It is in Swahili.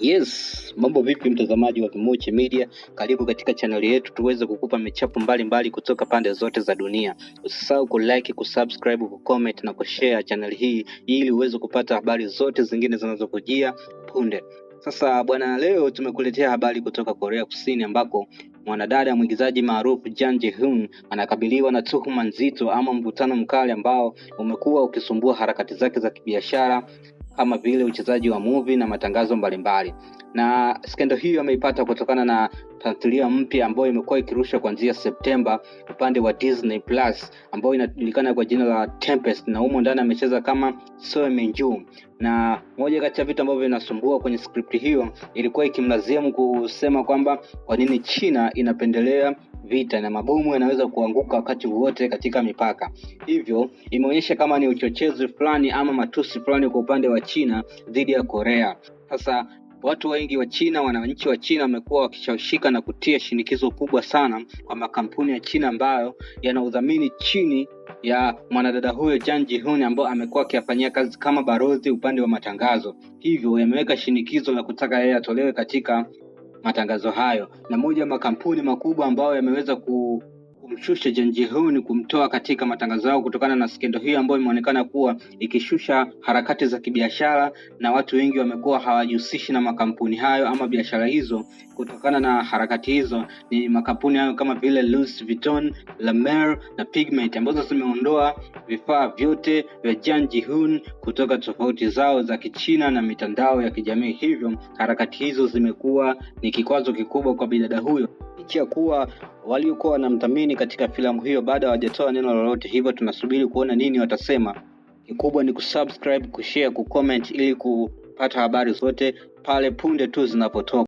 Yes, mambo vipi mtazamaji wa Kimoche Media? Karibu katika chaneli yetu tuweze kukupa michapo mbalimbali kutoka pande zote za dunia. Usisahau ku like, ku subscribe, ku comment na ku share chaneli hii ili uweze kupata habari zote zingine zinazokujia punde. Sasa bwana, leo tumekuletea habari kutoka Korea Kusini ambako mwanadada mwigizaji maarufu jan Ji-hoon anakabiliwa na tuhuma nzito ama mvutano mkali ambao umekuwa ukisumbua harakati zake za kibiashara kama vile uchezaji wa muvi na matangazo mbalimbali na skendo hiyo ameipata kutokana na tamthilia mpya ambayo imekuwa ikirushwa kuanzia Septemba upande wa Disney Plus ambayo inajulikana kwa jina la Tempest, na humo ndani amecheza kama Soe na moja kati ya vitu ambavyo vinasumbua kwenye skripti hiyo ilikuwa ikimlazimu kusema kwamba kwa nini China inapendelea vita na mabomu yanaweza kuanguka wakati wowote katika mipaka. Hivyo imeonyesha kama ni uchochezi fulani ama matusi fulani kwa upande wa China dhidi ya Korea. Sasa watu wengi wa China, wananchi wa China wamekuwa wakishawishika na kutia shinikizo kubwa sana kwa makampuni ya China ambayo yana udhamini chini ya mwanadada huyo Jang Jihun ambaye amekuwa akiyafanyia kazi kama barozi upande wa matangazo. Hivyo yameweka shinikizo la kutaka yeye atolewe katika matangazo hayo, na moja ya makampuni makubwa ambayo yameweza ku kumshusha Janji Hun kumtoa katika matangazo yao kutokana na skendo hiyo ambayo imeonekana kuwa ikishusha harakati za kibiashara, na watu wengi wamekuwa hawajihusishi na makampuni hayo ama biashara hizo kutokana na harakati hizo. Ni makampuni hayo kama vile Louis Vuitton, La Mer na Pigment ambazo zimeondoa vifaa vyote vya Janji Hun kutoka tofauti zao za Kichina na mitandao ya kijamii, hivyo harakati hizo zimekuwa ni kikwazo kikubwa kwa bidada huyo licha ya kuwa waliokuwa wanamthamini katika filamu hiyo bado hawajatoa neno lolote, hivyo tunasubiri kuona nini watasema. Kikubwa ni kusubscribe, kushare, kucomment ili kupata habari zote pale punde tu zinapotoka.